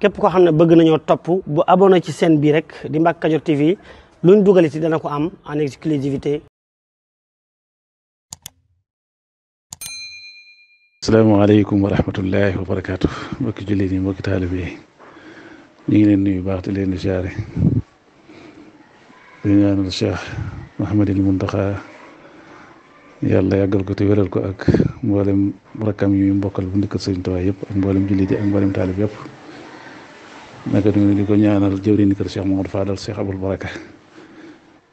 képp koo xam ne bëgg nañoo topp bu abonné ci seen bii rek di Mbacke Kadior TV luñ dugal ci dana ko am en exclusivité asalaamaaleykum wa rahmatullahi wa barakaatu mbokki jullit yi mbokki taalib ñu ngi leen nuyu baax te leen di siyaare di ñaanal Cheikh Mouhamadul Muntaxa yàlla yàggal ko te wéral ko ak mboolem rakkam yu mbokkal bu ndëkk Sëriñ Tuubaa yëpp ak mboolem jullit yi ak mboolem taalib yëpp naka noonu di ko ñaanal jëwriñ kër Cheikh Mamadou Fadal Cheikh Abul Baraka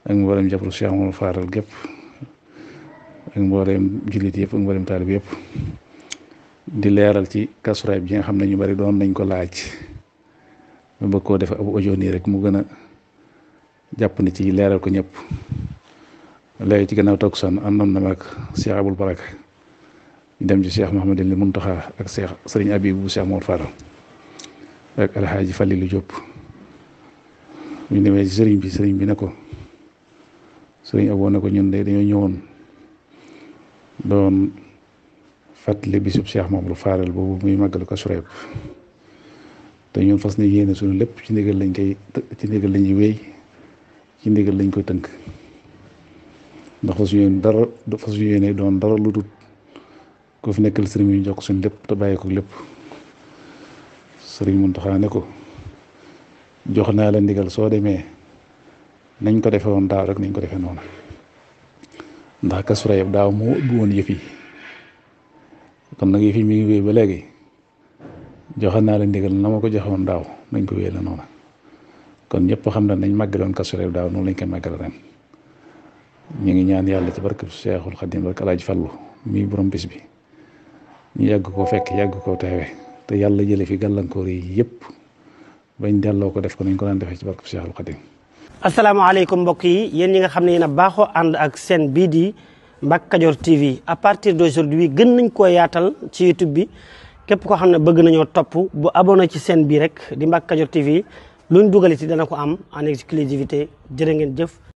ak mboolem jàppul Cheikh Mamadou Fadal gépp ak mboolem jullit yëpp ak mboolem taalib yëpp di leeral ci kasuraay bi xam ne bari doon nañ ko laaj ba bëgg koo def ab audio nii rek mu gën jàpp ni ci leeral ko ñépp léegi ci gannaaw toog son àndoon na ak Cheikh Abul Baraka dem ci Cheikh Mouhamadul Mountakha ak Cheikh Serigne Abibou Cheikh Mamadou Fadal. ak alxaaji Falilu Jóob ñu demee ci sëriñ bi sëriñ bi ne ko sëriñ aboo ne ko ñun de dañoo ñëwoon doon fàttali bisub Cheikh Mamadou Fadal boobu muy màggalu Kazu Rajab te ñoom fas ne yéene suñu lépp ci ndigal lañ koy ci ndigal lañuy wéy ci ndigal lañ koy tënk ndax fas yéene dara fas yéene doon dara lu dul ko fi nekkal sëriñ bi ñu jox suñu lépp te bàyyi ko lépp sëriñ Muntaxa ne ko jox naa la ndigal soo demee nañ ko defe woon daaw rek nañ ko defe noonu ndax Kazu daaw moo ubbi woon yëf yi kon nag yëf yi mi ngi wéy ba léegi joxe naa la ndigal na ma ko joxe woon daaw nañ ko wéy la noonu kon ñëpp xam na nañ màggaloon Kazu Rajab daaw noonu lañ koy màggal ren ñu ngi ñaan yàlla ci barkeb Seexul Xadiim barke Alaaji Fallu mii borom bis bi ñu yàgg koo fekk yàgg koo teewe te yàlla jële fi gàllankoor yi yëpp bañ delloo ko def ko nañ ko daan defee ci barke Cheikhul Khadim asalaamaaleykum mbokk yi yéen yi nga xam ne yéen a baaxoo ànd ak seen bii di Mbacke Kadior TV à partir d'aujourd'hui gën nañ koo yaatal ci YouTube bi képp koo xam ne bëgg nañoo topp boo abonné ci seen bii rek di Mbacke Kadior TV luñ dugale ci dana ko am en exclusivité jërë ngeen jëf